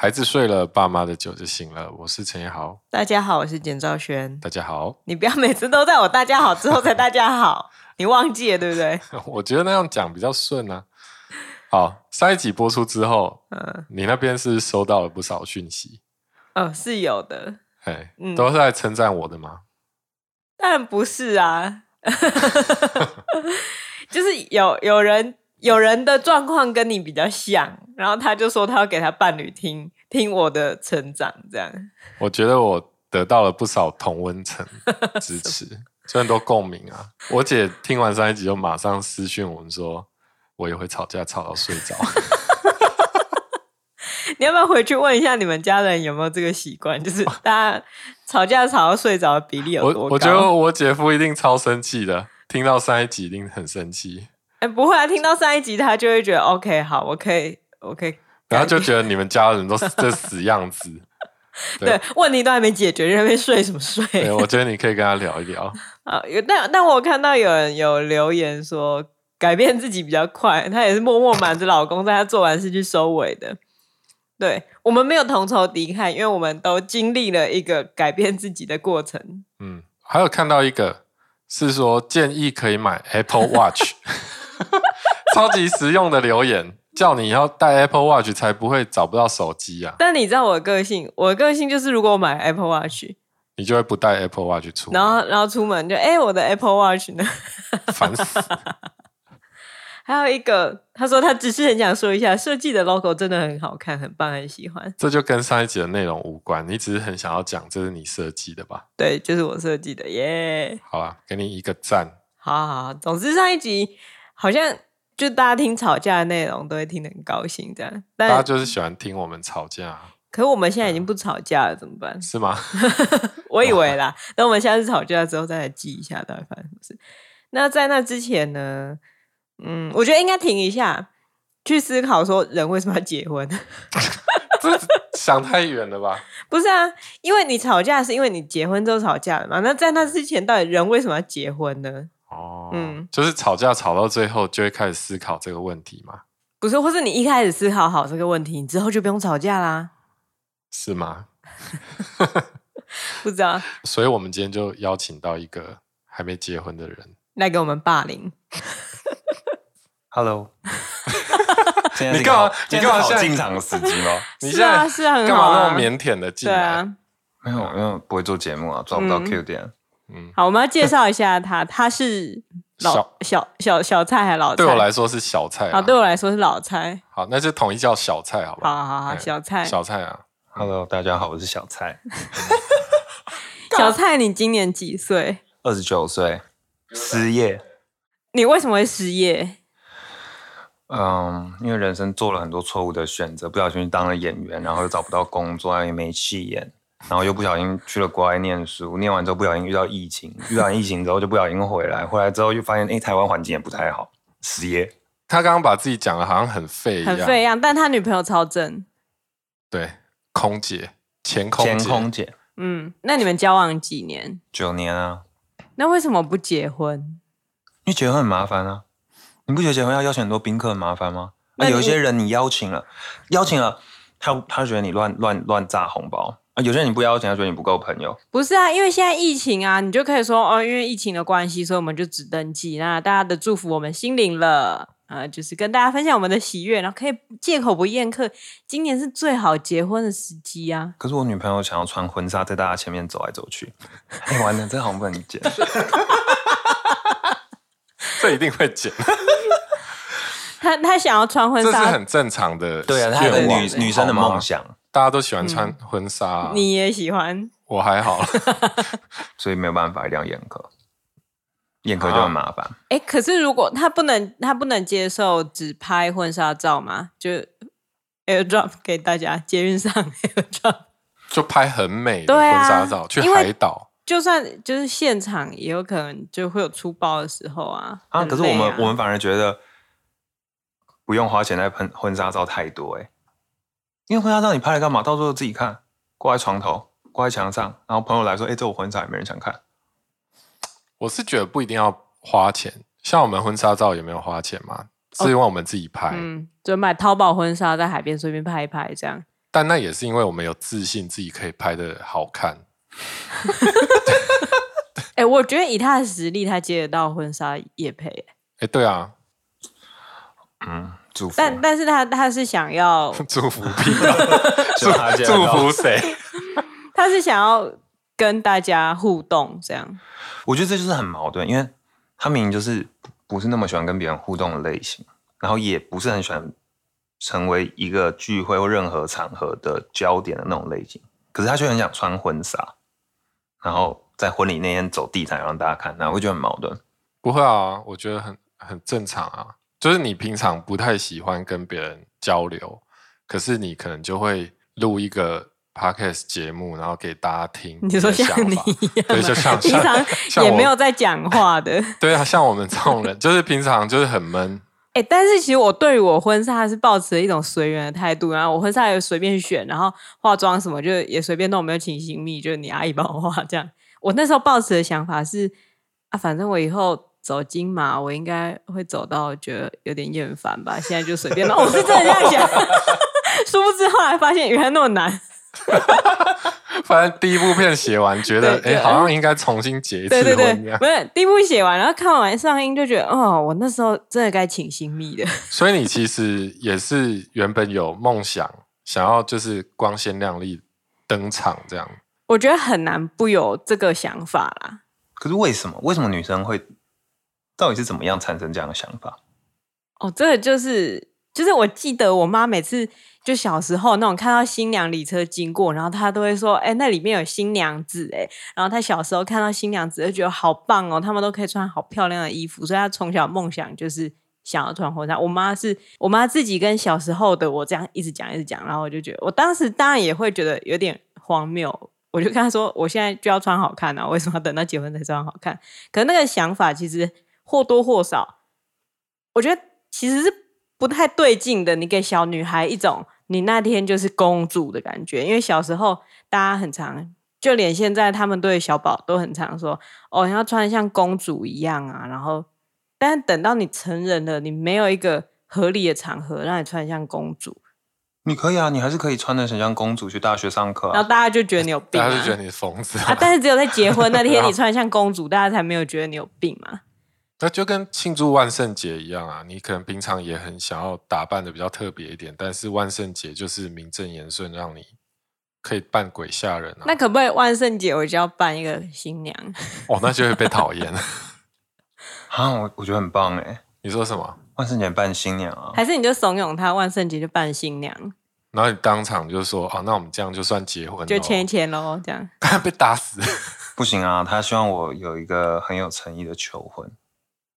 孩子睡了，爸媽的酒就醒了。我是陳奕豪，大家好，我是簡兆軒，大家好。你不要每次都在我“大家好”之後再“大家好”，你忘記了對不對？我覺得那樣講比較順啊。好，上一集播出之後，嗯，你那邊是，是收到了不少訊息，嗯、哦，是有的，嗯、都是在稱讚我的嗎？當然不是啊， 就是有有人。有人的狀況跟你比較像，然後他就說他要給他伴侶聽聽我的成長，這樣。我覺得我得到了不少同溫層支持，這 麼多共鳴啊！我姐聽完上一集就馬上私訊我們說，我也會吵架吵到睡着。 你要不要回去問一下你們家人有沒有這個習慣？就是大家吵架吵到睡着的比例有多高？我,我覺得我姐夫一定超生氣的，聽到上一集一定很生氣。哎、欸，不會啊！聽到上一集，他就會覺得 OK，好，我可以我可以。然後就覺得你們家人都是這死樣子 對，對，問題都還沒解決，又還沒睡什麼睡？我覺得你可以跟他聊一聊。但但我看到有人有留言說，改變自己比較快，他也是默默瞞着老公， 在他做完事去收尾的。對，我們沒有同仇敵愾，因為我們都經歷了一個改變自己的過程。嗯，還有看到一個是說建議可以買 Apple Watch。 超級實用的留言，叫你要帶 Apple Watch 才不會找不到手機啊！但你知道我的個性，我的個性就是如果我買 Apple Watch，你就會不帶 Apple Watch 出門，然後然後出門就哎、欸，我的 Apple Watch 呢？煩 死！還有一個，他說他只是很想說一下設計的 logo 真的很好看，很棒，很喜歡。這就跟上一集的內容無關，你只是很想要講這是你設計的吧？對，就是我設計的耶、yeah！好啦，給你一個讚。好，好，總之上一集好像。就大家聽吵架的內容都會聽得很高興，這樣，但大家就是喜歡聽我們吵架。可是我們現在已經不吵架了，怎麼辦？是嗎？ 我以為啦。 等我們下次吵架之後再來記一下到底發生什麼事。那在那之前呢？嗯，我覺得應該停一下，去思考說人為什麼要結婚。 這想太遠了吧？不是啊，因為你吵架是因為你結婚之後吵架了嘛。那在那之前，到底人為什麼要結婚呢？哦，嗯，就是吵架吵到最後，就會開始思考這個問題嘛？不是，或是你一開始思考好這個問題，你之後就不用吵架啦？是嗎？ 不知道。所以我們今天就邀請到一個還沒結婚的人來給、那個、我們霸凌。 Hello。 你幹嘛？你幹嘛現在進場時機嗎？你現在是幹、 啊啊、嘛那麼靦腆的進來對、啊？沒有，因為不會做節目啊，抓不到 Q 點。嗯嗯、好，我們要介紹一下他。他是老小小小小蔡還是老蔡？對我來說是小蔡、啊。好，對我來說是老蔡。好，那就統一叫小蔡，好不好，好，好，好，好，小蔡，小蔡啊！Hello，大家好，我是小蔡。 小蔡，你今年幾歲？二十九歲，失業。你為什麼會失業？嗯，因為人生做了很多錯誤的選擇，不小心當了演員，然後又找不到工作，又沒戲演。然後又不小心去了國外念書，念完之後不小心遇到疫情，遇到疫情之後就不小心回來，回來之後又發現哎、欸、台灣環境也不太好，失業。他剛剛把自己講得好像很廢一樣，很廢一樣，但他女朋友超正，對，空姐，前空前空姐，嗯，那你們交往幾年？九年啊。那為什麼不結婚？因為結婚很麻煩啊，你不覺得結婚要邀請很多賓客麻煩嗎？那、啊、有一些人你邀請了，邀請了，他他覺得你亂亂亂炸紅包。啊、有些人你不要錢，他覺得你不夠朋友。不是啊，因為現在疫情啊，你就可以說哦，因為疫情的關係，所以我們就只登記、啊。那大家的祝福我們心領了，呃，就是跟大家分享我們的喜悅，然後可以借口不宴客。今年是最好結婚的時機啊！可是我女朋友想要穿婚紗在大家前面走來走去，哎、 欸，完了，這好像不能 這一定會減。她 她想要穿婚紗，這是很正常的，對啊，她有女女生的夢想。 大家都喜歡穿婚紗、啊嗯，你也喜歡，我還好， 所以沒有辦法，一定要嚴格嚴格就很麻煩。哎、啊欸，可是如果他不能，他不能接受只拍婚紗照嘛，就 airdrop 給大家接運上 airdrop，就拍很美的婚紗照、啊、去海島，就算就是現場也有可能就會有出包的時候啊,啊。啊，可是我們我們反而覺得不用花錢來噴婚紗照太多哎、欸。因為婚紗照你拍來幹嘛？到時候自己看，掛在床頭，掛在牆上。然後朋友來說：“哎、欸，這我婚紗也沒人想看。”我是覺得不一定要花錢，像我們婚紗照也沒有花錢嘛，是因為我們自己拍。哦、嗯，就買淘寶婚紗在海邊隨便拍一拍這樣。但那也是因為我們有自信，自己可以拍得好看。哎、 欸，我覺得以他的實力，他接得到婚紗業配。哎、欸，對啊，嗯。但但是他他是想要祝福別人， 祝 祝福誰？他是想要跟大家互動，這樣。我覺得這就是很矛盾，因為他明明就是不是那麼喜歡跟別人互動的類型，然後也不是很喜歡成為一個聚會或任何場合的焦點的那種類型。可是他卻很想穿婚紗，然後在婚禮那天走地毯讓大家看他，會覺得很矛盾？不會啊，我覺得很很正常啊。就是你平常不太喜歡跟別人交流，可是你可能就會錄一個 podcast 節目，然後給大家聽。你說像你一樣？對，就像，像平常也沒有在講話的。對啊，像我們這種人，就是平常就是很悶。哎、 欸，但是其實我對於我婚紗是抱持一種隨緣的態度，然後我婚紗也隨便選，然後化妝什麼就也隨便弄，沒有請新秘，就是你阿姨幫我化這樣。我那時候抱持的想法是啊，反正我以後。走金馬，我應該會走到覺得有點厭煩吧。現在就隨便了。我是真的這樣想，殊 不知後來發現原來那麼難。 反正第一部片寫完，覺得哎、欸，好像應該重新結一次婚對，對，對不是第一部寫完，然後看完上映就覺得， 哦，我那時候真的該請新秘的。所以你其實也是原本有夢想， 想要就是光鮮亮麗登場這樣。我覺得很難不有這個想法啦。可是為什麼？為什麼女生會？到底是怎麼樣產生這樣的想法？哦，這個就是就是我記得我媽每次就小時候那種看到新娘禮車經過，然後她都會說：“哎，那裡面有新娘子哎。”然後她小時候看到新娘子就覺得好棒哦，他們都可以穿好漂亮的衣服，所以她從小夢想就是想要穿婚紗。我媽是我媽自己跟小時候的我這樣一直講一直講，然後我就覺得我當時當然也會覺得有點荒謬，我就跟她說：“我現在就要穿好看啊，為什麼等到結婚才穿好看？”可是那個想法其實。或多或少，我覺得其實是不太對勁的。你給小女孩一種你那天就是公主的感覺，因為小時候大家很常，就連現在他們對小寶都很常說：“哦，你要穿得像公主一樣啊。”然後，但等到你成人了，你沒有一個合理的場合讓你穿得像公主，你可以啊，你還是可以穿得很像公主去大學上課啊，然後大家就覺得你有病啊，大家就覺得你瘋子啊。但是只有在結婚那天你穿得像公主，大家才沒有覺得你有病嘛，啊。那就跟慶祝萬聖節一樣啊！你可能平常也很想要打扮的比較特別一點，但是萬聖節就是名正言順讓你可以扮鬼嚇人啊。那可不可以萬聖節我就要扮一個新娘？哦，那就會被討厭啊！我我覺得很棒哎、欸！你說什麼？萬聖節扮新娘啊？還是你就慫恿他萬聖節就扮新娘？然後你當場就說：「哦、啊，那我們這樣就算結婚、喔，就簽一簽咯。」這樣。 被打死！不行啊！他希望我有一個很有誠意的求婚。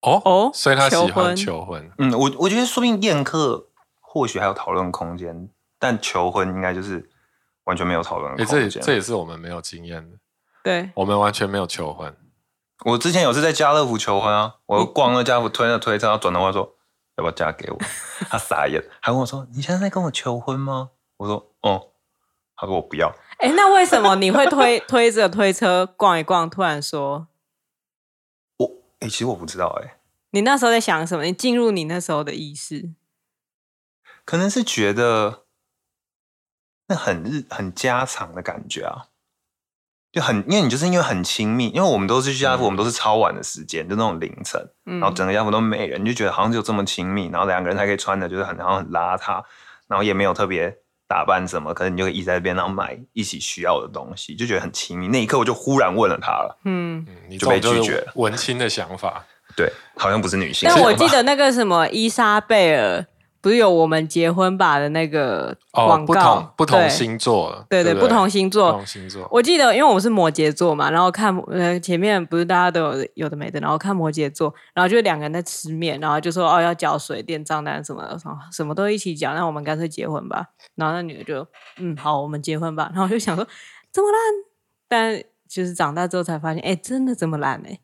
哦哦，所以他喜歡求婚。求婚，嗯，我我覺得，說不定宴客或許還有討論空間，但求婚應該就是完全沒有討論空間。哎、欸，這也這也是我們沒有經驗的。對，我們完全沒有求婚。我之前有次在家樂福求婚啊，我逛了家樂福，推了推車，嗯、然後轉頭話說，要不要嫁給我？他傻眼，還問我說，你現在在跟我求婚嗎？我說，哦、嗯。他說我不要。哎、欸，那為什麼你會推 推着推車逛一逛，突然說？哎、欸，其實我不知道哎、欸。你那時候在想什麼？你進入你那時候的意識，可能是覺得那很日很家常的感覺啊，就很因為你就是因為很親密，因為我們都是居家服、嗯，我們都是超晚的時間，就那種凌晨，然後整個家服都沒人，你就覺得好像只有這麼親密，然後兩個人才可以穿的，就是很然後很邋遢，然後也沒有特別。打扮什麼？可能你就可以一直在邊上，買一起需要的東西，就覺得很親密。那一刻，我就忽然問了他了，嗯，就被拒絕了。嗯、文青的想法，對，好像不是女性。但我記得那個什麼伊莎貝爾。不是有我們結婚吧的那個廣告，哦、不同、不同星座，對對,對,對,對,對，不同星座。我記得，因為我們是摩羯座嘛，然後看呃前面不是大家都有有的沒的，然後看摩羯座，然後就兩個人在吃麵，然後就說哦要繳水電賬單什麼什麼什麼都一起繳，那我們乾脆結婚吧。然後那女的就嗯好，我們結婚吧。然後就想說這麼爛，但就是長大之後才發現，哎真的這麼爛呢、欸。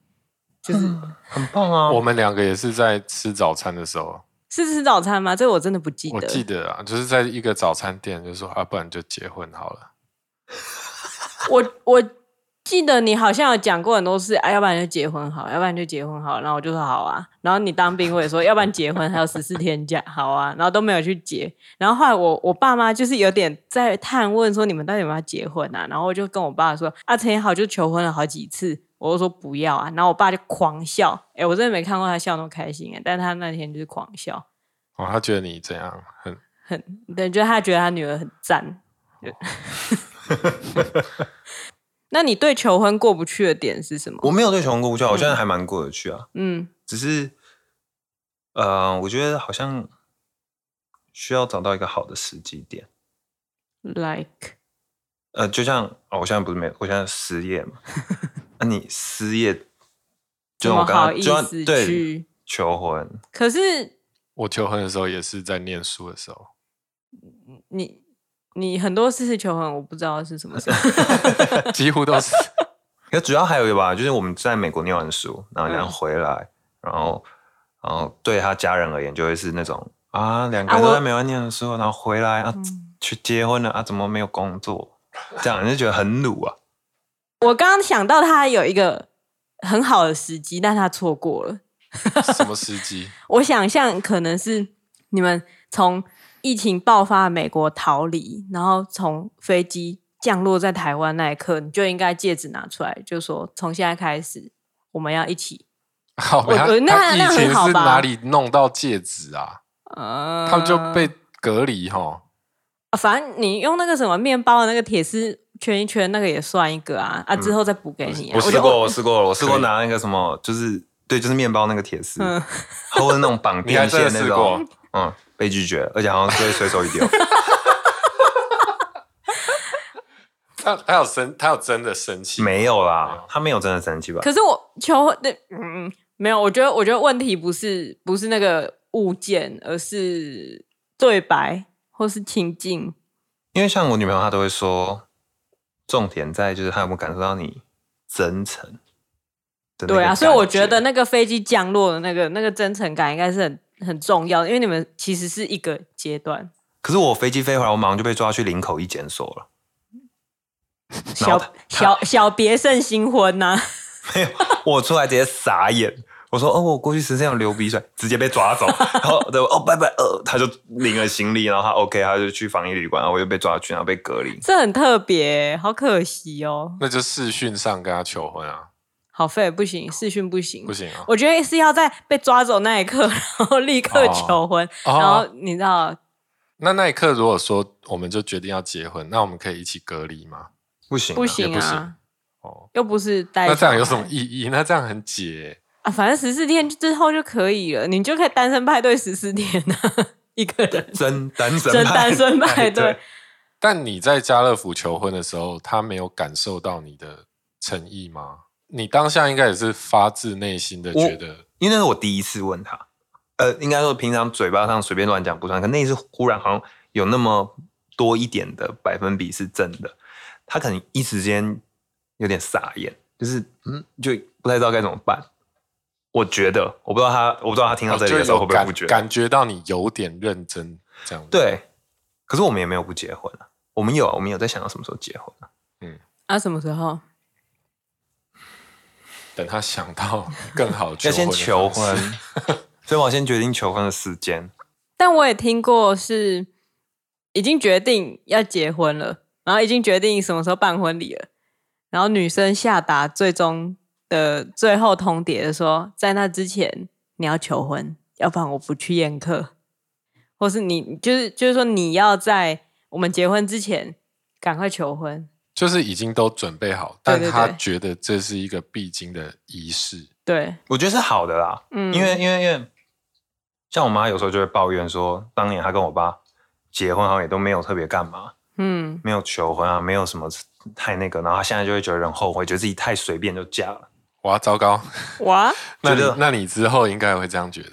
就是很棒啊。 我們兩個也是在吃早餐的時候。是吃早餐嗎？這個我真的不記得。我記得啊，就是在一個早餐店，就說啊，不然就結婚好了。 我我記得你好像有講過很多次，啊，要不然就結婚好，要不然就結婚好。然後我就說好啊。然後你當兵會說， 要不然結婚還有十四天假，好啊。然後都沒有去結。然後後來我我爸媽就是有點在探問說，你們到底有沒有結婚啊？然後我就跟我爸說，啊，陳也好就求婚了好幾次。我就說不要啊，然後我爸就狂笑。哎、欸，我真的沒看過他笑那麼開心啊、欸，但他那天就是狂笑。哦，他覺得你怎樣？很很？對，就他覺得他女兒很讚。 那你對求婚過不去的點是什麼？我沒有對求婚過不去，我覺得還蠻過得去啊。嗯，只是，呃，我覺得好像需要找到一個好的時機點，like。呃，就像哦，我現在不是沒有，我現在失業嘛。那、 啊、你失業就我剛剛就要去求婚，可是我求婚的時候也是在念書的時候。你你很多次求婚，我不知道是什麼時候， 幾乎都是。 可是主要還有一個吧，就是我們在美國念完書，然後然後回來，嗯、然後然後對他家人而言，就會是那種啊，兩個人都在美國念的書，啊，然後回來啊、嗯、去結婚了啊，怎麼沒有工作？這樣你就覺得很魯啊！我剛剛想到他有一個很好的時機，但他錯過了。 什麼時機？我想象可能是你們從疫情爆發的美國逃離，然後從飛機降落在台灣那一刻，你就應該戒指拿出來，就說從現在開始我們要一起。好，那那很好，哪裡弄到戒指啊？啊，他們就被隔離哈。反正你用那個什麼面包的那個鐵絲圈一圈，那個也算一個啊、嗯、啊！之後再補給你、啊。我試過，我試過了，我試過,過拿那個什麼，就是對，就是面包那個鐵絲，嗯、 或者那種綁電線那種的，嗯，被拒絕，而且好像會隨手一丟。 他他有生，他有真的生氣？沒有啦，他沒有真的生氣吧？可是我求那，嗯，沒有。我覺得，我覺得問題不是不是那個物件，而是對白。或是情境，因為像我女朋友，她都會說，重點在就是她有沒有感受到你真誠。對啊，所以我覺得那個飛機降落的那個那個真誠感應該是很很重要的，因為你們其實是一個階段。可是我飛機飛回來，我馬上就被抓去林口一檢索了。小 小小別勝新婚吶、啊！ 沒有，我出來直接傻眼。我說哦，我過去實際上流鼻水，直接被抓走。 然後對哦，拜拜哦，他就領了行李，然後他 OK，他就去防疫旅館，然後我又被抓去，然後被隔離。這很特別，好可惜哦。那就視訊上跟他求婚啊？好廢不行，視訊不行，哦、不行啊、哦。我覺得是要在被抓走那一刻，然後立刻求婚，哦、然後、哦、你知道？那那一刻如果說我們就決定要結婚，那我們可以一起隔離嗎？不行、啊，不行、啊，不行。哦，又不是帶。那這樣有什麼意義？那這樣很解、欸。啊、反正十四天之後就可以了，你就可以單身派對十四天，一個人真單身，真單身派對。但你在家樂福求婚的時候，他沒有感受到你的誠意嗎？你當下應該也是發自內心的覺得，因為那是我第一次問他，呃，應該說平常嘴巴上隨便亂講不算，可那一次忽然好像有那麼多一點的百分比是真的，他可能一時間有點傻眼，就是嗯，就不太知道該怎麼辦。我覺得，我不知道他，我不知道他聽到這裡的時候會、啊、不會感覺感覺到你有點認真這樣子。對，可是我們也沒有不結婚啊，我們有、啊，我們有在想到什麼時候結婚啊。嗯。啊，什麼時候？等他想到更好求婚的方式， 要先求婚， 所以我先決定求婚的時間。但我也聽過是已經決定要結婚了，然後已經決定什麼時候辦婚禮了，然後女生下達最終。的最後通牒說，在那之前你要求婚，要不然我不去宴客，或是你就是就是說你要在我們結婚之前趕快求婚，就是已經都準備好對對對，但他覺得這是一個必經的儀式。對，對我覺得是好的啦，嗯，因為因為因為像我媽有時候就會抱怨說，當年她跟我爸結婚好像也都沒有特別幹嘛，嗯，沒有求婚啊，沒有什麼太那個，然後她現在就會覺得很後悔，覺得自己太隨便就嫁了。哇，糟糕！哇， 那那你之後應該也會這樣覺得？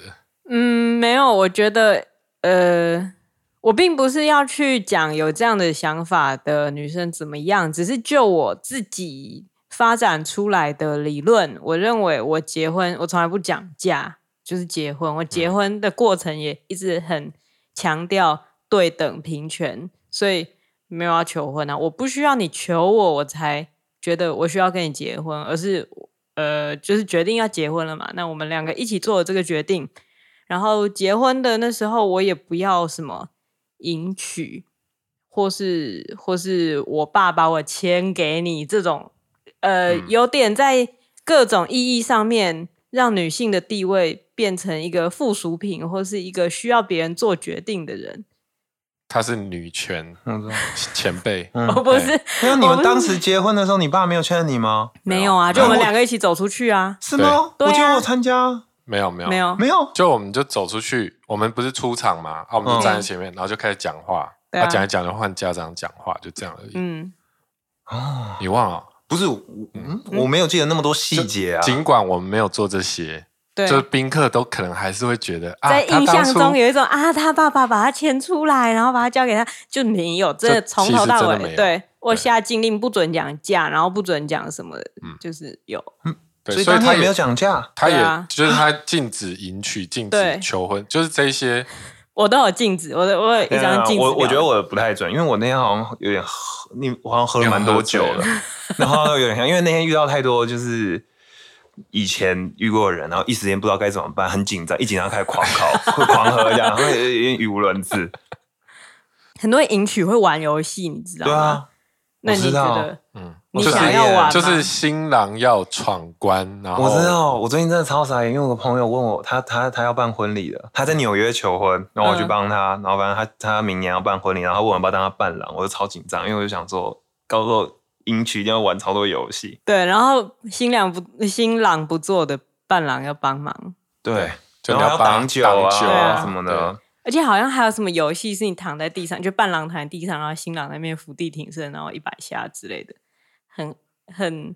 嗯，沒有，我覺得，呃，我並不是要去講有這樣的想法的女生怎麼樣，只是就我自己發展出來的理論，我認為我結婚，我從來不講嫁，就是結婚，我結婚的過程也一直很強調對等平權，所以沒有要求婚啊，我不需要你求我，我才覺得我需要跟你結婚，而是。呃，就是決定要結婚了嘛，那我們兩個一起做了這個決定。然後結婚的那時候，我也不要什麼迎娶，或是或是我爸把我牽給你這種，呃、嗯，有點在各種意義上面讓女性的地位變成一個附屬品，或是一個需要別人做決定的人。她是女權、嗯、前輩，我不是。那、欸、你們當時結婚的時候，你爸沒有勸你嗎？沒有啊，就我們兩個一起走出去啊。是嗎？啊、我就我參加。沒有沒有沒有沒有，就我們就走出去，我們不是出場嘛？啊，我們就站在前面，嗯、然後就開始講話。對啊，講、啊、一講，就換家長講話，就這樣而已。嗯啊，你忘了？不是我、嗯，我沒有記得那麼多細節啊。儘管我們沒有做這些。對，就賓客都可能還是會覺得，在印象中有一種啊，啊，他爸爸把他牽出來，然後把他交給他，就沒有，這的從頭到尾，對，對我下禁令，不准講價，然後不准講什麼的、嗯，就是有，嗯、對所以他也沒有講價，他也，他也、啊、就是他禁止迎娶，禁止求婚，就是這些、嗯，我都有禁止，我的我有一張禁。我禁、啊、我，我覺得我不太準，因為我那天好像有點喝，你我好像喝蠻多酒了，了 然後有點像因為那天遇到太多就是。以前遇過的人，然後一時間不知道該怎麼辦，很緊張，一緊張開始狂考， 會狂喝這樣，會語無倫次。 很多迎娶會玩遊戲，你知道嗎？對啊，那你知道？嗯，就是就是新郎要闖關，然後我知道，我最近真的超傻眼，因為我的朋友問我，他他他要辦婚禮了，他在紐約求婚，然後我去幫他，然後反正他他明年要辦婚禮，然後問我要不要當他伴郎，我就超緊張，因為我就想說，到時候。迎娶一定要玩超多遊戲，對，然後新娘不新郎不做的伴郎要幫忙，對，然後綁酒啊，啊什麼的，而且好像還有什麼遊戲是你躺在地上，就伴郎躺在地上，然後新郎在那邊伏地挺身，然後一百下之類的，很很，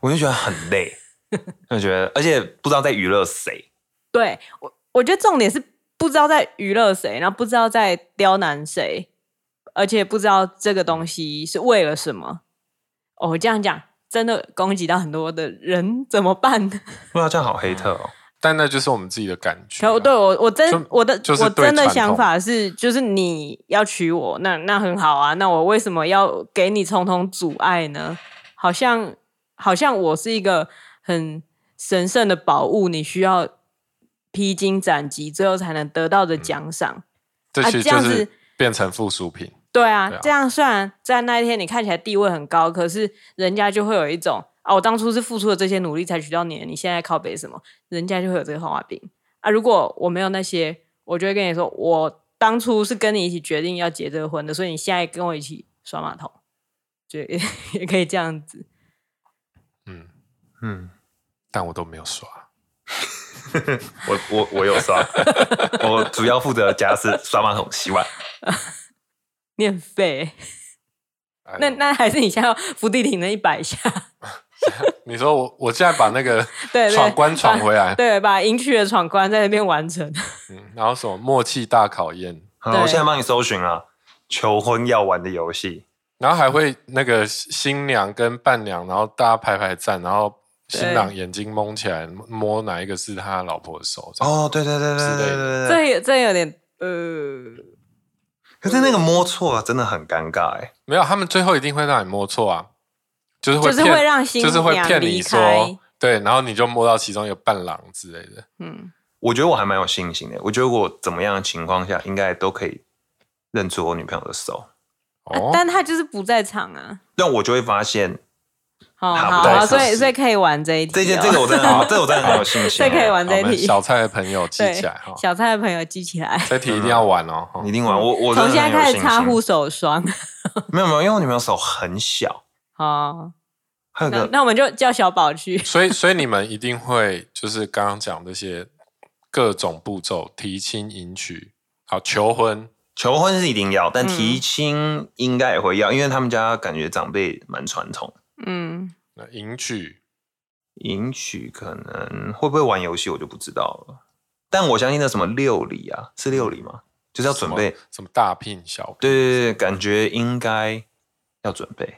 我就覺得很累，我 覺得，而且不知道在娛樂誰，對我我覺得重點是不知道在娛樂誰，然後不知道在刁難誰，而且不知道這個東西是為了什麼。哦，我這樣講真的攻擊到很多的人，怎麼辦呢？因、嗯、為這樣好黑特哦、嗯，但那就是我們自己的感覺、啊。哦，對我，我真我的、就是、我真的想法是，就是你要娶我，那那很好啊，那我為什麼要給你重重阻礙呢？好像好像我是一個很神聖的寶物，你需要披荊斬棘，最後才能得到的獎賞、嗯。這些就是、啊、樣子變成附屬品。對啊，對啊，這樣雖然在那一天你看起來地位很高，可是人家就會有一種啊，我當初是付出了這些努力才娶到你，你現在靠北什麼？人家就會有這個皇后病啊。如果我沒有那些，我就會跟你說，我當初是跟你一起決定要結這個婚的，所以你現在跟我一起刷馬桶，就也，也可以這樣子。嗯嗯，但我都沒有刷， 我我我有刷， 我主要負責的家事，刷馬桶、洗碗。 免廢、欸，那那還是你先要伏地挺那一百下。 你說我我現在把那個闖關闖回來，對，對把迎娶的闖關在那邊完成、嗯。然後什麼默契大考驗？好，我現在幫你搜尋了、啊、求婚要玩的遊戲，然後還會那個新娘跟伴娘，然後大家排排站，然後新郎眼睛蒙起來摸哪一個是他老婆的手。哦，對對對對,對,對,對,對,對,對，這這有點呃。可是那個摸錯、啊、真的很尷尬哎、欸，沒有，他們最後一定會讓你摸錯啊，就是會騙就是會讓新就是會騙你說對，然後你就摸到其中一個伴郎之類的。嗯，我覺得我還蠻有信心的，我覺得我怎麼樣的情況下應該都可以認出我女朋友的手。哦，啊、但他就是不在場啊，那我就會發現。好好,不不好、啊，所以所以可以玩這一題、哦。這件這個我真的好， 這個我真的很 有信心、哦。 可以玩這一題。小菜的朋友記起來哈。小菜的朋友記起來。這一題一定要玩哦， 哦一定玩。我我從現在開始擦護手霜。 沒有沒有，因為你們的手很小。好 那，那我們就叫小寶去。 所以所以你們一定會就是剛剛講這些各種步驟，提親、迎娶，好，求婚、嗯，求婚是一定要，但提親應該也會要、嗯，因為他們家感覺長輩蠻傳統的。嗯，那迎娶，迎娶可能會不會玩遊戲，我就不知道了。但我相信那什麼六禮啊，嗯、是六禮嗎？就是要準備什麼,什麼大聘小聘對對對，對，感覺應該要準備。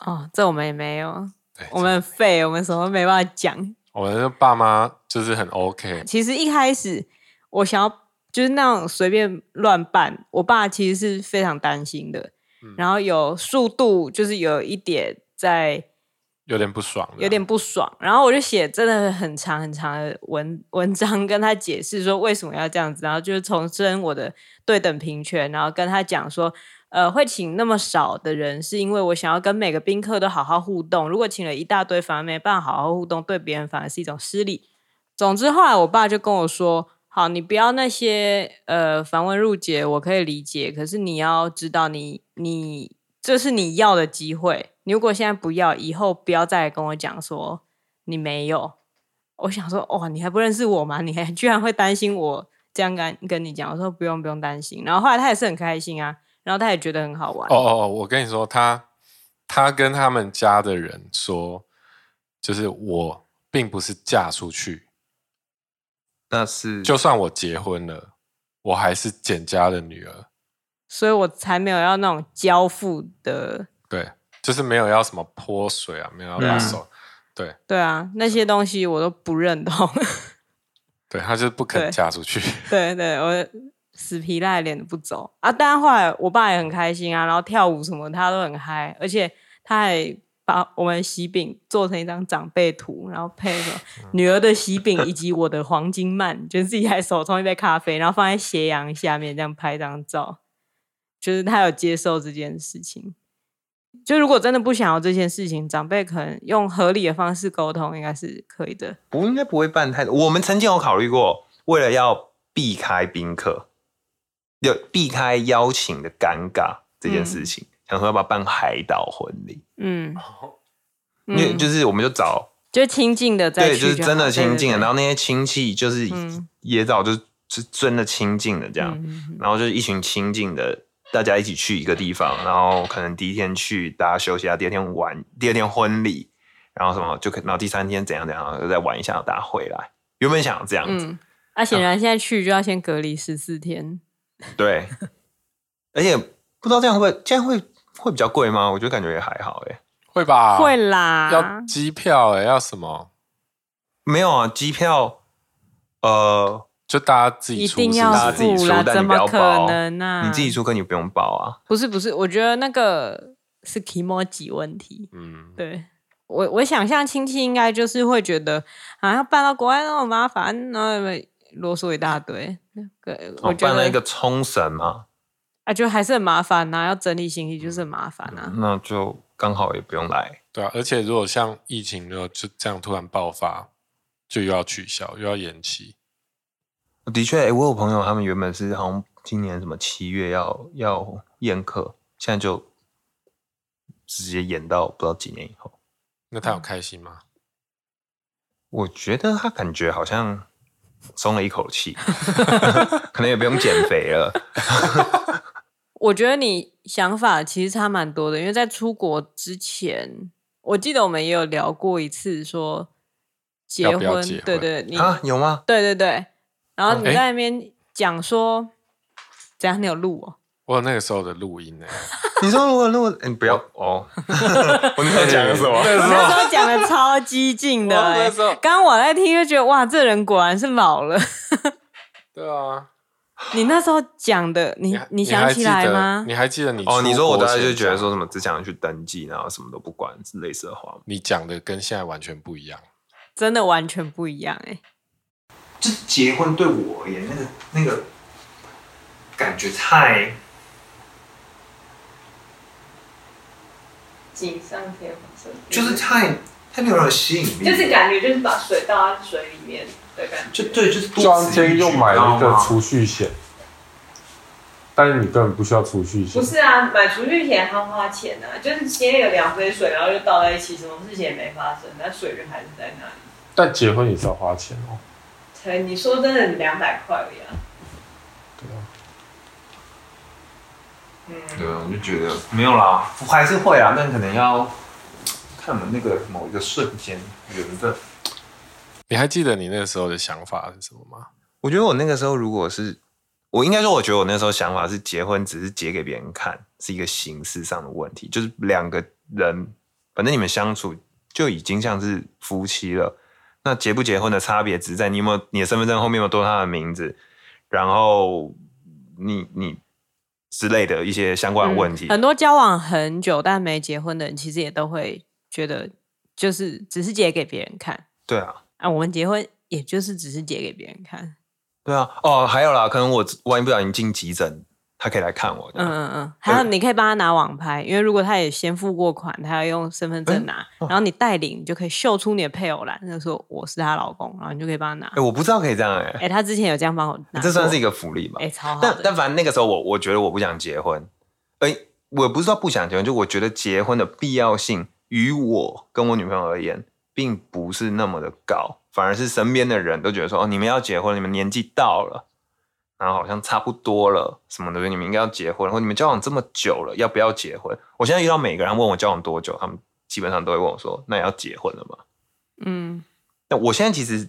哦，這我們也沒有，對我們很廢，我們什麼沒辦法講。我們爸媽就是很 OK。其實一開始我想要就是那種隨便亂辦，我爸其實是非常擔心的。嗯、然後有速度，就是有一點。在有點不爽，有點不爽。然後我就寫真的很長很長的文文章，跟他解釋說為什麼要這樣子。然後就是重申我的對等平權，然後跟他講說，呃，會請那麼少的人是因為我想要跟每個賓客都好好互動。如果請了一大堆，反而沒辦法好好互動，對別人反而是一種失禮。總之後來我爸就跟我說：“好，你不要那些呃繁文縟節，我可以理解。可是你要知道你，你你這是你要的機會。”如果現在不要，以後不要再跟我講說你沒有。我想說，哦，你還不認識我嗎？你還居然會擔心我這樣跟跟你講。我說不用，不用擔心。然後後來他也是很開心啊，然後他也覺得很好玩。哦哦哦，我跟你說，他他跟他們家的人說，就是我並不是嫁出去，但是就算我結婚了，我還是簡家的女兒。所以我才沒有要那種交付的。對。就是沒有要什麼潑水啊，沒有要拉手，對啊對，對啊，那些東西我都不認同。對， 對他就是不肯嫁出去。對對，我死皮賴臉的臉不走啊！當然後來我爸也很開心啊，然後跳舞什麼他都很嗨，而且他還把我們喜餅做成一張長輩圖，然後配個女兒的喜餅以及我的黃金曼， 就是自己還手沖一杯咖啡，然後放在斜陽下面這樣拍張照，就是他有接受這件事情。就如果真的不想要這件事情，長輩可能用合理的方式溝通，應該是可以的。不應該不會辦太多。我們曾經有考慮過，為了要避開賓客，要避開邀請的尷尬這件事情，嗯、想說要不要辦海島婚禮、嗯。嗯，因為就是我們就找就親近的，在對，就是真的親近的對對對。然後那些親戚就是也找就是真的親近的這樣。嗯、然後就是一群親近的。大家一起去一個地方，然後可能第一天去大家休息啊，第二天玩，第二天婚禮，然後什麼就可，然後第三天怎樣怎樣，再玩一下，大家回來。原本想這樣子，那顯然現在去就要先隔離十四天、嗯。對， 而且不知道這樣會不會，這樣會會會比較貴嗎？我覺得感覺也還好哎、欸，會吧？會啦，要機票哎、欸，要什麼？沒有啊，機票，呃。就大家自己出，一定要付大家自己出，但你不要包。啊、你自己出，跟你不用包啊。不是不是，我覺得那個是規模幾問題。嗯，對。我我想象親戚應該就是會覺得啊，要搬到國外那麼麻煩，然後囉嗦一大堆。對，哦、我覺得搬到一個沖繩嘛、啊，啊，就還是很麻煩吶、啊。要整理行李就是很麻煩吶、啊嗯。那就剛好也不用來。對啊，而且如果像疫情又就這樣突然爆發，就又要取消，又要延期。的確，欸，我有朋友，他們原本是好像今年什麼七月要要宴客，現在就直接延到不知道幾年以後。那他有開心嗎？我覺得他感覺好像鬆了一口氣， 可能也不用減肥了。 我覺得你想法其實差蠻多的，因為在出國之前，我記得我們也有聊過一次說，說結婚，對對對，你，啊？，有嗎？對對對。然後你在那邊講說，怎樣？你有錄哦、喔嗯欸？我有那個時候的錄音呢、欸。 你說如果錄，你不要哦。我那時候講的什麼？那時候講的超激進的。剛我在聽就覺得哇，這人果然是老了。 對啊。你那時候講的，你你，你想起來嗎？你還記得你，記得你哦？你說我當時就覺得說什麼只想要去登記，然後什麼都不管，之類似的話。你講的跟現在完全不一樣。真的完全不一樣哎、欸。就結婚對我而言，那個那個感覺太錦上添花，就是就是太太沒有了吸引力，就是感覺就是把水倒在水裡面的感覺，就對，就是多此一舉。然後又買了一個儲蓄險，但是你根本不需要儲蓄險。不是啊，買儲蓄險還要花錢呢，就是先有兩杯水，然後就倒在一起，什麼事情也沒發生，但水源還是在那裡。但結婚也是要花錢哦。你說真的，兩百塊了呀？對啊，嗯，對啊，我就覺得沒有啦，還是會啊，但可能要看的那個某一個瞬間緣分。你還記得你那個時候的想法是什麼嗎？我覺得我那個時候，如果是我，應該說，我覺得我那時候想法是，結婚只是結給別人看，是一個形式上的問題，就是兩個人，反正你們相處就已經像是夫妻了。那結不結婚的差別只在你有沒有你的身份證後面有沒有多他的名字，然後你你之類的一些相關問題。嗯，很多交往很久但沒結婚的人，其實也都會覺得就是只是結給別人看。對啊，啊，我們結婚也就是只是結給別人看。對啊，哦，還有啦，可能我萬一不小心進急診。他可以來看我。嗯嗯嗯，還有你可以幫他拿網拍、欸，因為如果他也先付過款，他要用身份證拿、欸哦，然後你帶領你就可以秀出你的配偶欄，就說我是他老公，然後你就可以幫他拿、欸。我不知道可以這樣哎、欸，哎、欸，他之前有這樣幫我拿、欸，這算是一個福利吧？哎、欸，超好。但但反正那個時候我，我我覺得我不想結婚，哎、欸，我不是說不想結婚，就我覺得結婚的必要性於我跟我女朋友而言，並不是那麼的高，反而是身邊的人都覺得說，哦，你們要結婚，你們年紀到了。然後好像差不多了，什麼東西？你們應該要結婚，然後你們交往這麼久了，要不要結婚？我現在遇到每個人問我交往多久，他們基本上都會問我說：“那要結婚了嗎？”嗯，但我現在其實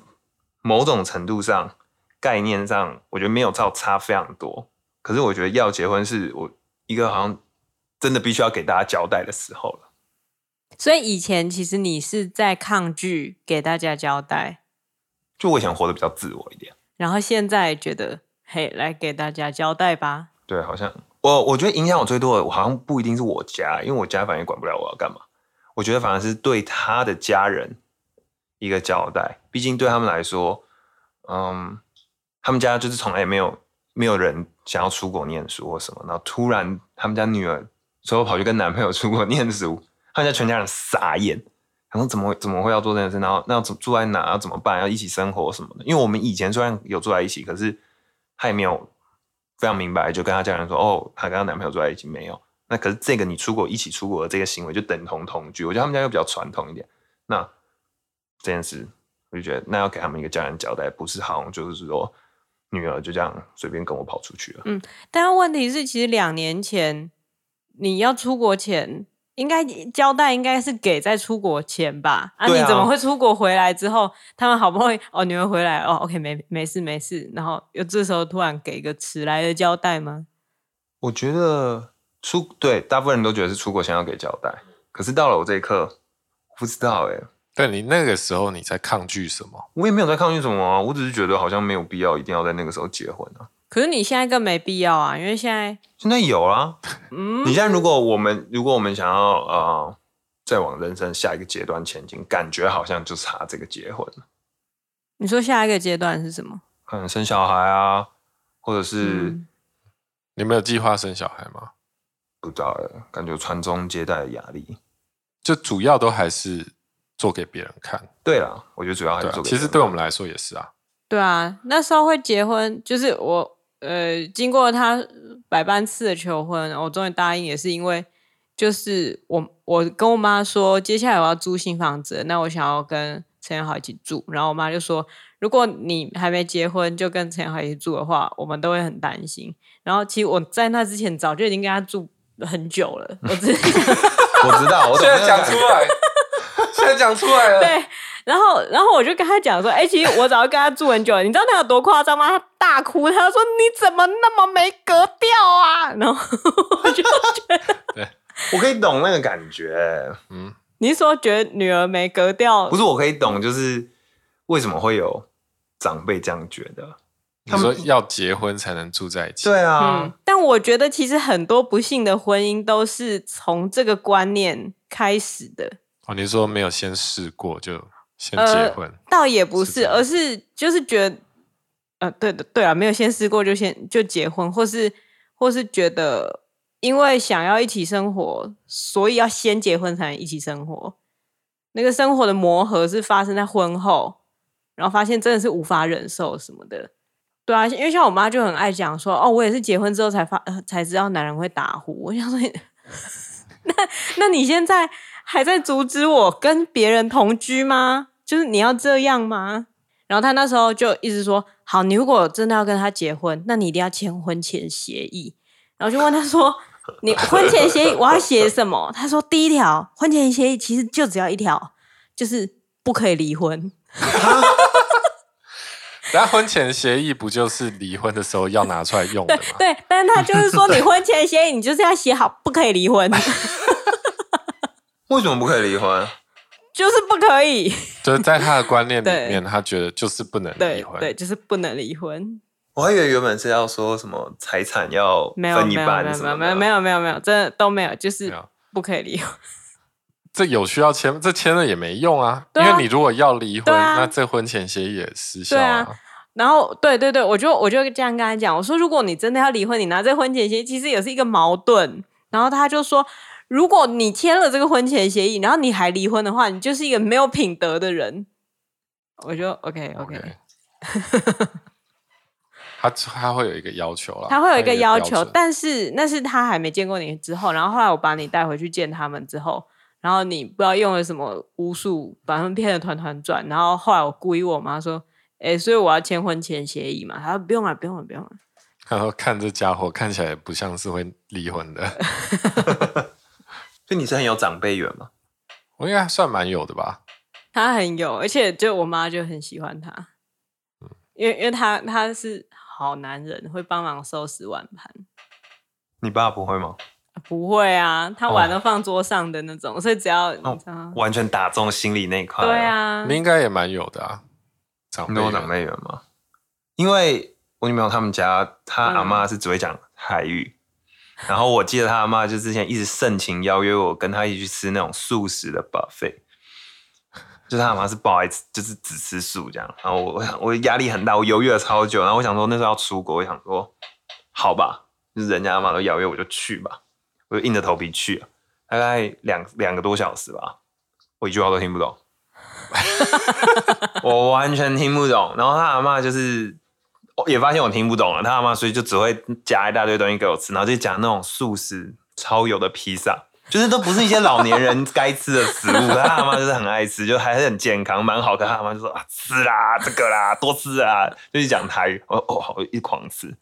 某種程度上概念上，我覺得沒有差差非常多。可是我覺得要結婚是我一個好像真的必須要給大家交代的時候了。所以以前其實你是在抗拒給大家交代，就我想活得比較自我一點，然後現在覺得。嘿、hey，來給大家交代吧。對，好像我我覺得影響我最多的，我好像不一定是我家，因為我家反正也管不了我要幹嘛。我覺得反而是對他的家人一個交代，畢竟對他們來說，嗯，他們家就是從來也沒有沒有人想要出國念書或什麼，然後突然他們家女兒說跑去跟男朋友出國念書，他們家全家人傻眼，然後怎麼怎麼會要做這件事？然後那要住住在哪？要怎麼辦？要一起生活什麼的？因為我們以前雖然有住在一起，可是。他也沒有非常明白，就跟他家人說：“哦，他跟他男朋友住在一起沒有？”那可是這個你出國一起出國的這個行為，就等同同居。我覺得他們家又比較傳統一點，那這件事我就覺得，那要給他們一個家人交代，不是好，就是說女兒就這樣隨便跟我跑出去了。嗯，但問題是，其實兩年前你要出國前。應該交代應該是給在出國前吧，啊你怎麼會出國回來之後，啊、他們好不容易哦你們回來哦，OK 沒沒事沒事，然後又這時候突然給一個遲來的交代嗎？我覺得出對大部分人都覺得是出國前要給交代，可是到了我這一刻不知道哎、欸，但你那個時候你在抗拒什麼？我也沒有在抗拒什麼啊，我只是覺得好像沒有必要一定要在那個時候結婚啊。可是你現在更沒必要啊，因為現在現在有啊，嗯， 你現在如果我們如果我們想要呃，再往人生下一個階段前進，感覺好像就差這個結婚了。你說下一個階段是什麼？可、嗯、能生小孩啊，或者是、嗯、你沒有計劃生小孩嗎？不知道的，感覺傳宗接代的壓力，就主要都還是做給別人看。對啦，我覺得主要還是做給別人看、啊。其實對我們來說也是啊。對啊，那時候會結婚就是我。呃，經過他百般次的求婚，我終於答應，也是因為就是我，我跟我媽說，接下來我要租新房子，那我想要跟陳彥豪一起住，然後我媽就說，如果你還沒結婚就跟陳彥豪一起住的話，我們都會很擔心。然後其實我在那之前早就已經跟他住很久了，我知，我知道， 我懂 現在講出來， 現在講出來了，對。然後，然後我就跟他講說：“哎、欸，其實我早就跟他住很久了， 你知道他有多誇張嗎？”他大哭，他說：“你怎麼那麼沒格調啊？”然後我就覺得， 對 我可以懂那個感覺。嗯，你是說覺得女兒沒格調？不是，我可以懂，就是為什麼會有長輩這樣覺得？他說要結婚才能住在一起？對啊、嗯，但我覺得其實很多不幸的婚姻都是從這個觀念開始的。哦，你是說沒有先試過就？先結婚，呃、倒也不是，是，而是就是覺得，呃，對的，對啊，沒有先試過就先就結婚，或是或是覺得因為想要一起生活，所以要先結婚才能一起生活。那個生活的磨合是發生在婚後，然後發現真的是無法忍受什麼的。對啊，因為像我媽就很愛講說，哦，我也是結婚之後才發、呃、才知道男人會打呼。我想說， 那那你現在？還在阻止我跟別人同居嗎？就是你要這樣嗎？然後他那時候就一直說：“好，你如果真的要跟他結婚，那你一定要簽婚前協議。”然後就問他說：“ 你婚前協議我要寫什麼？” 他說：“第一條，婚前協議其實就只要一條，就是不可以離婚。”然後 哈婚前協議不就是離婚的時候要拿出來用嗎？對對，但是他就是說你婚前協議你就是要寫好，不可以離婚。 為什麼不可以離婚？就是不可以、嗯，就是在他的觀念裡面， 他覺得就是不能離婚。對，對，就是不能離婚。我還以為原本是要說什麼財產要分一半，什麼沒有沒有沒有沒有，沒有，沒有真的都沒有，就是不可以離婚。這有需要簽，這簽了也沒用啊，啊。因為你如果要離婚，啊，那這婚前協議也失效啊，啊。然後，對對對，我就我就這樣跟他講，我說如果你真的要離婚，你拿這婚前協議其實也是一個矛盾。然後他就說。如果你簽了這個婚前協議，然後你還離婚的話，你就是一個沒有品德的人。我覺得 OK OK。Okay. 他他會有一個要求了，他會有一個要求，但是那是他還沒見過你之後，然後後來我把你帶回去見他們之後，然後你不知道用了什麼巫術，把他們騙得團團轉，然後後來我故意我媽說：“哎、欸，所以我要簽婚前協議嘛。”他說：“不用了，不用了，不用了。”他說：“看這傢伙看起來也不像是會離婚的。 ”所以你是很有長輩緣嗎？我應該算蠻有的吧。他很有，而且就我媽就很喜歡他，因為因為他他是好男人，會幫忙收拾碗盤。你爸不會嗎？啊、不會啊，他碗都放桌上的那種，哦、所以只要、哦、完全打中心裡那一塊、啊。對啊，你應該也蠻有的啊，長輩有長輩緣嗎？因為我女朋友他們家，他阿媽是只會講台語。嗯然後我記得他媽媽就之前一直盛情邀約我跟他一起去吃那種素食的 buffet，就他媽媽是不好意思，就是只吃素這樣。然後我我壓力很大，我猶豫了超久。然後我想說那時候要出國，我想說好吧，就是人家媽都邀約我就去吧，我就硬着頭皮去了。大概兩兩個多小時吧，我一句話都聽不懂， 我完全聽不懂。然後他阿媽就是。也發現我聽不懂了，他媽所以就只會夾一大堆東西給我吃，然後就講那種素食超油的披薩，就是都不是一些老年人該吃的食物， 他媽就是很愛吃，就還是很健康，蠻好的。他媽就說啊，吃啦這個啦，多吃啊，就是講台語，我說哦好，一狂吃。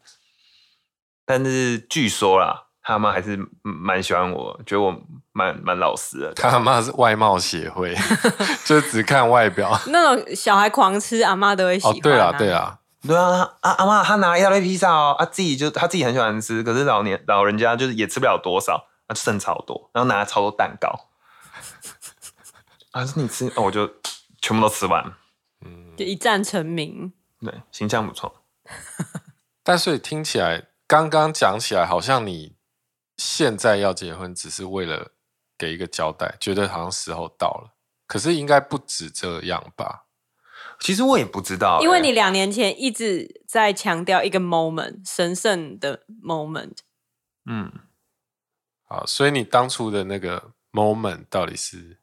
但是據說啦，他媽還是蠻喜歡我，覺得我蠻蠻老實的。他媽是外貌協會， 就只看外表。那種小孩狂吃，阿媽都會喜歡啊。哦對啊，對啊。對啊，啊啊阿阿嬤他拿一大堆披薩哦，她、啊、自己就他自己很喜歡吃，可是老年老人家就是也吃不了多少，啊剩超多，然後拿了超多蛋糕， 啊你吃、哦，我就全部都吃完，嗯，就一戰成名，對，形象不錯， 但是聽起來剛剛講起來好像你現在要結婚只是為了給一個交代，覺得好像時候到了，可是應該不止這樣吧。其實我也不知道，因為你兩年前一直在強調一個 moment 神聖的 moment，嗯，好，所以你當初的那個 moment 到底是？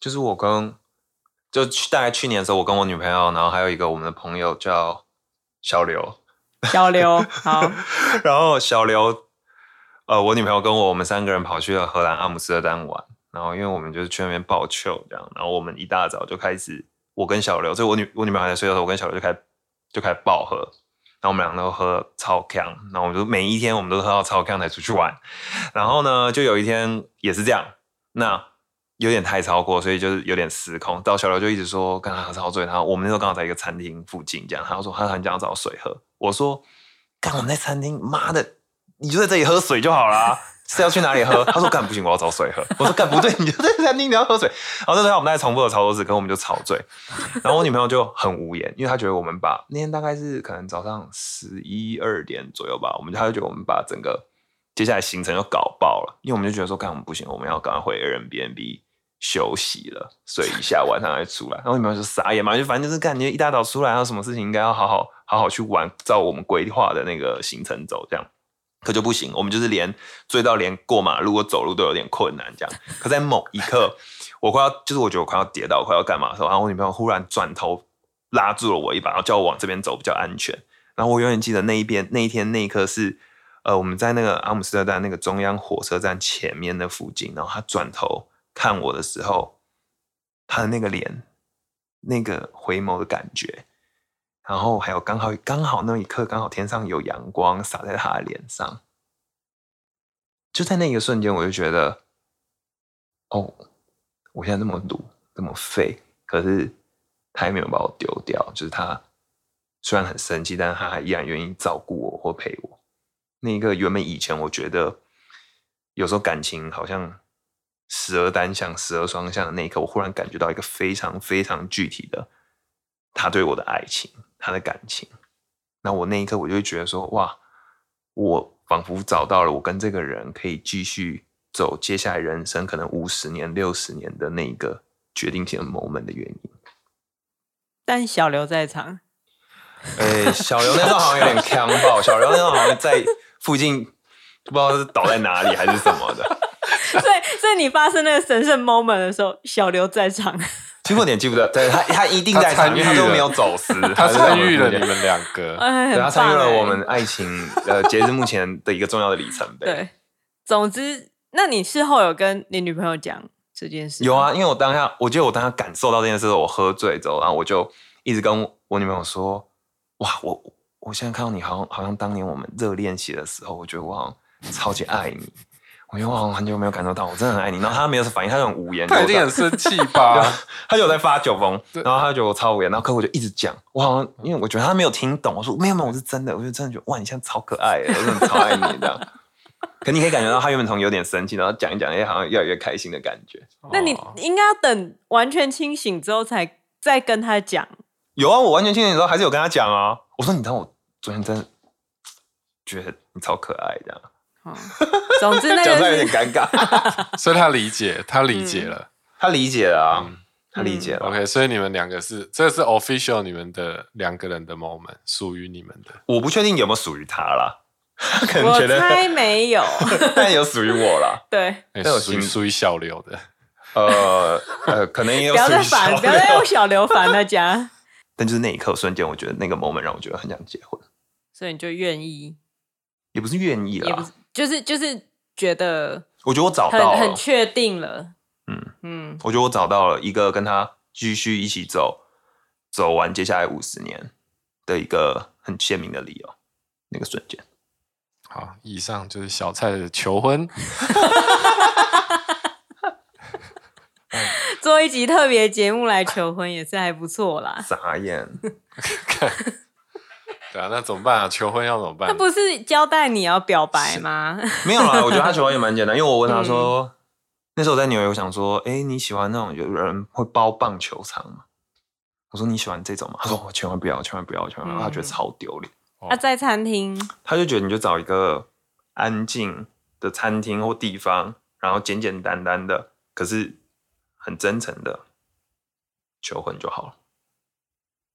就是我跟就去大概去年的時候，我跟我女朋友，然後還有一個我們的朋友叫小劉，小劉，好， 然後小劉，呃，我女朋友跟我，我們三個人跑去了荷蘭阿姆斯特丹玩，然後因為我們就是去那邊報球這樣，然後我們一大早就開始。我跟小劉，所以我女我女朋友還在睡的時候，我跟小劉就開始就開始暴喝，然後我們兩個都喝超強，然後我們就每一天我們都喝到超強才出去玩，然後呢，就有一天也是這樣，那有點太超過，所以就是有點失控，到小劉就一直說剛剛喝超醉，然後我們那時候剛好在一個餐廳附近這樣，他就說他很想找水喝，我說剛好我們在餐廳，媽的你就在這裡喝水就好啦。 」是要去哪裡喝？他說幹，不行，我要找水喝。我說幹不對， 你就在餐廳你要喝水。然後這時候我們在重複的超多次，跟我們就吵嘴。然後我女朋友就很無言，因為她覺得我們把那天，大概是可能早上十一二點左右吧，我們就她就覺得我們把整個接下來行程又搞爆了，因為我們就覺得說幹，我們不行，我們要趕快回 Airbnb 休息了，睡一下，晚上再出來。 然後女朋友就傻眼嘛，就反正就是感覺一大早出來，然後什麼事情應該要好好好好去玩，照我們規劃的那個行程走這樣。可就不行，我們就是連追到，連過馬路或走路都有點困難。這樣，可在某一刻， 我快要，就是我覺得我快要跌倒，快要幹嘛的時候，然後我女朋友忽然轉頭拉住了我一把，然後叫我往這邊走比較安全。然後我永遠記得那一邊那一天那一刻是，呃，我們在那個阿姆斯特丹那個中央火車站前面的附近，然後她轉頭看我的時候，她的那個臉，那個回眸的感覺。然後還有剛好剛好那一刻剛好天上有陽光灑在他的臉上，就在那個瞬間我就覺得，哦，我現在那麼魯，那麼廢，可是他還沒有把我丟掉。就是他雖然很生氣，但是他還依然願意照顧我或陪我。那一個原本以前我覺得有時候感情好像時而單向，時而雙向的那一刻，我忽然感覺到一個非常非常具體的。他對我的愛情，他的感情，那我那一刻我就會覺得說，哇，我仿佛找到了我跟這個人可以繼續走接下來人生可能五十年、六十年的那一個決定性的 moment 的原因。但小劉在場。哎，小劉那時候好像有點強暴。 小劉那時候好像在附近，不知道是倒在哪裡還是什麼的。 所以，所以你發生那個神聖 moment 的時候，小劉在場。聽過你也記不記得，但他他一定在參與，他，他都沒有走失， 他參與了你們兩個， 對，他參與了我們愛情呃 截至目前的一個重要的里程碑。對，總之，那你事後有跟你女朋友講這件事？有啊，因為我當下，我覺得我當下感受到這件事，我喝醉之後，然後我就一直跟我，我女朋友說，哇，我我現在看到你，好像好像當年我們熱戀期的時候，我覺得我好像超級愛你。嗯我說我好像很久沒有感受到，我真的很愛你。然後他沒有反應，他很無言。他一定很生氣吧？ 他就在發酒瘋，然後他就覺得我超無言。然後客戶就一直講，我好像因為我覺得他沒有聽懂。我說沒有沒有，我是真的，我就真的覺得哇，你現在超可愛，我真的超愛你這樣。 可你可以感覺到他原本從有點生氣，然後講一講，也、欸、好像越來越開心的感覺。那你應該要等完全清醒之後，才再跟他講。有啊，我完全清醒之後還是有跟他講啊。我說你知道我昨天真的覺得你超可愛這樣。總之，那件事 有點尷尬 ， 所以他理解，他理解了、嗯，他理解了啊、嗯，他理解了、嗯。OK，所以你們兩個是，這是 official 你們的兩個人的 moment，屬於你們的。我不確定有沒有屬於他了 可能覺得沒有 但有屬於我了，對、欸， 有屬於屬於小劉的， 呃呃，可能也有屬於小劉，不要再煩小劉 不要再用小劉煩大家 。但就是那一刻瞬間，我覺得那個 moment 讓我覺得很想結婚，所以你就願意，也不是願意了。就是就是覺得，我覺得我找到了，很確定了，嗯嗯，我覺得我找到了一個跟他繼續一起走，走完接下來五十年的一個很鮮明的理由。那個瞬間，好，以上就是小蔡的求婚， 做一集特別節目來求婚也是還不錯啦，傻眼。 對啊，那怎麼辦啊？求婚要怎麼辦？他不是交代你要表白嗎？沒有啦，我覺得他求婚也蠻簡單。 因為我問他說，嗯、那時候我在紐約，我想說，哎、欸，你喜歡那種有人會包棒球場嗎？我說你喜歡這種嗎？他說我千萬不要，千萬不要，千萬不要。嗯、他覺得超丟臉。他、啊、在餐廳、哦，他就覺得你就找一個安靜的餐廳或地方，然後簡簡單單的，可是很真誠的求婚就好了。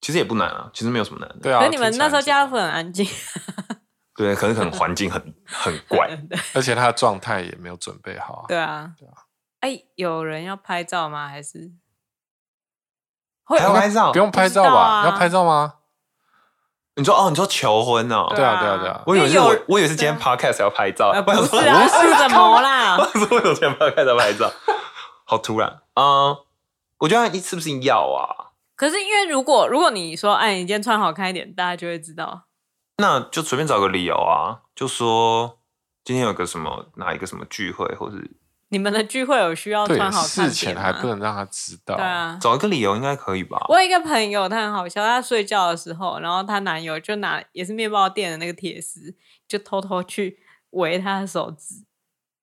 其實也不難啊，其實沒有什麼難的、啊。對啊，可是你們那時候家很安靜、啊。嗯、 對，可能可能環境很很怪 對對對，而且他的狀態也沒有準備好、啊。對啊，對啊。哎、欸，有人要拍照嗎？還是？還要拍照？不用拍照吧？要拍照嗎？你說哦，你說求婚哦。對啊，對啊，對啊。對啊，我以為我我以為是今天 podcast、啊、要拍照。啊、不是怎、啊、 麼啦？不是，我有今天 podcast 要拍照， 好突然啊、嗯！我覺得你是不是要啊？可是，因為如果如果你說，哎、啊，你今天穿好看一點，大家就會知道。那就隨便找個理由啊，就說今天有個什麼哪一個什麼聚會，或是你們的聚會有需要穿好看。對，事前還不能讓他知道。對啊，找一個理由應該可以吧？我有一個朋友，他很好笑。他睡覺的時候，然後她男友就拿也是麵包店的那個鐵絲，就偷偷去圍他的手指。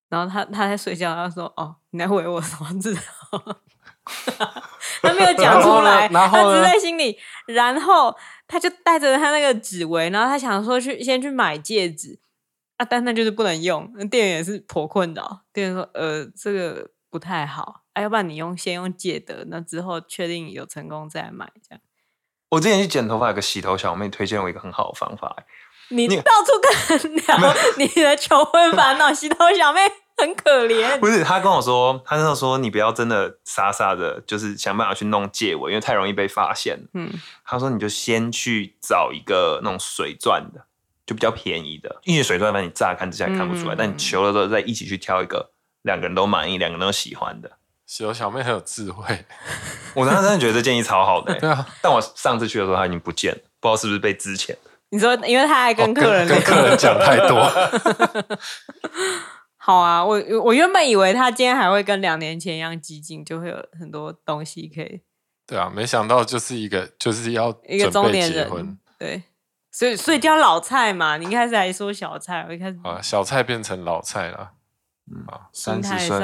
然後他他在睡覺，他說：“哦，你來圍我手指。呵呵” 他沒有講出來，他只在心裡。然後他就帶着他那個指圍，然後他想說去先去買戒指。啊、但那就是不能用。那店員也是頗困擾，店員說：“呃，這個不太好。哎、啊，要不然你用先用借的，那之後確定有成功再買。”這樣。我之前去剪頭髮，有個洗頭小妹推薦我一個很好的方法。你到處跟人聊你的求婚煩惱， 你的洗頭小妹。很可憐，不是他跟我說，他真的說你不要真的傻傻的，就是想辦法去弄戒圍，因為太容易被發現了。嗯，他說你就先去找一個那種水鑽的，就比較便宜的，因為水鑽反正你乍看之下看不出來，嗯、但你求了之後再一起去挑一個，兩個人都滿意，兩個人都喜歡的。小，小妹很有智慧，我當時真的覺得這建議超好的，欸。 對、啊、但我上次去的時候他已經不見了，不知道是不是被值錢。你說，因為他還跟客人、哦、跟、跟客人講太多。 好啊，我我原本以為他今天還會跟兩年前一樣激進，就會有很多東西可以。對啊，沒想到就是一個 就是要結婚一個中年人，對，所以所以叫老蔡嘛。你一開始還說小蔡，我一開始啊，小蔡變成老蔡了嗯，三十歲。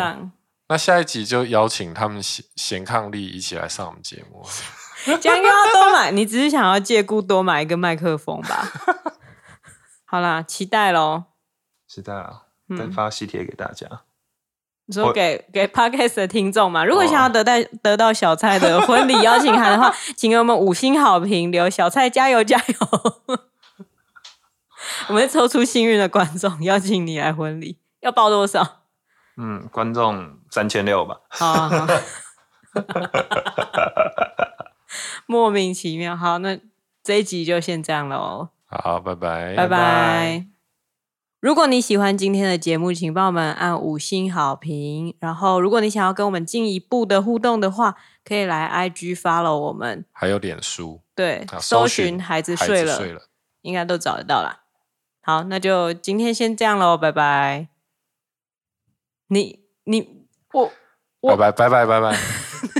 那下一集就邀請他們賢伉儷一起來上我們節目。 要多買 你只是想要借故多買一個麥克風吧？ 好啦，期待嘍，期待啊。再發喜帖給大家。嗯、你說給給 Podcast 的聽眾嘛？如果想要得到、哦、得到小蔡的婚禮邀請函的話， 請給我們五星好評，留小蔡加油加油！加油 我們會抽出幸運的觀眾，邀請你來婚禮。要報多少？嗯，觀眾三千六吧。好、哦。哦、 莫名其妙。好，那這一集就先這樣哦。好，拜拜，拜拜。拜拜。如果你喜歡今天的節目，請幫我們按五星好評。然後，如果你想要跟我們進一步的互動的話，可以來 IG follow 我們，還有臉書，對，啊、搜尋孩子，孩子睡了，應該都找得到啦。好，那就今天先這樣嘍，拜拜。你你我我拜拜拜拜。拜拜拜拜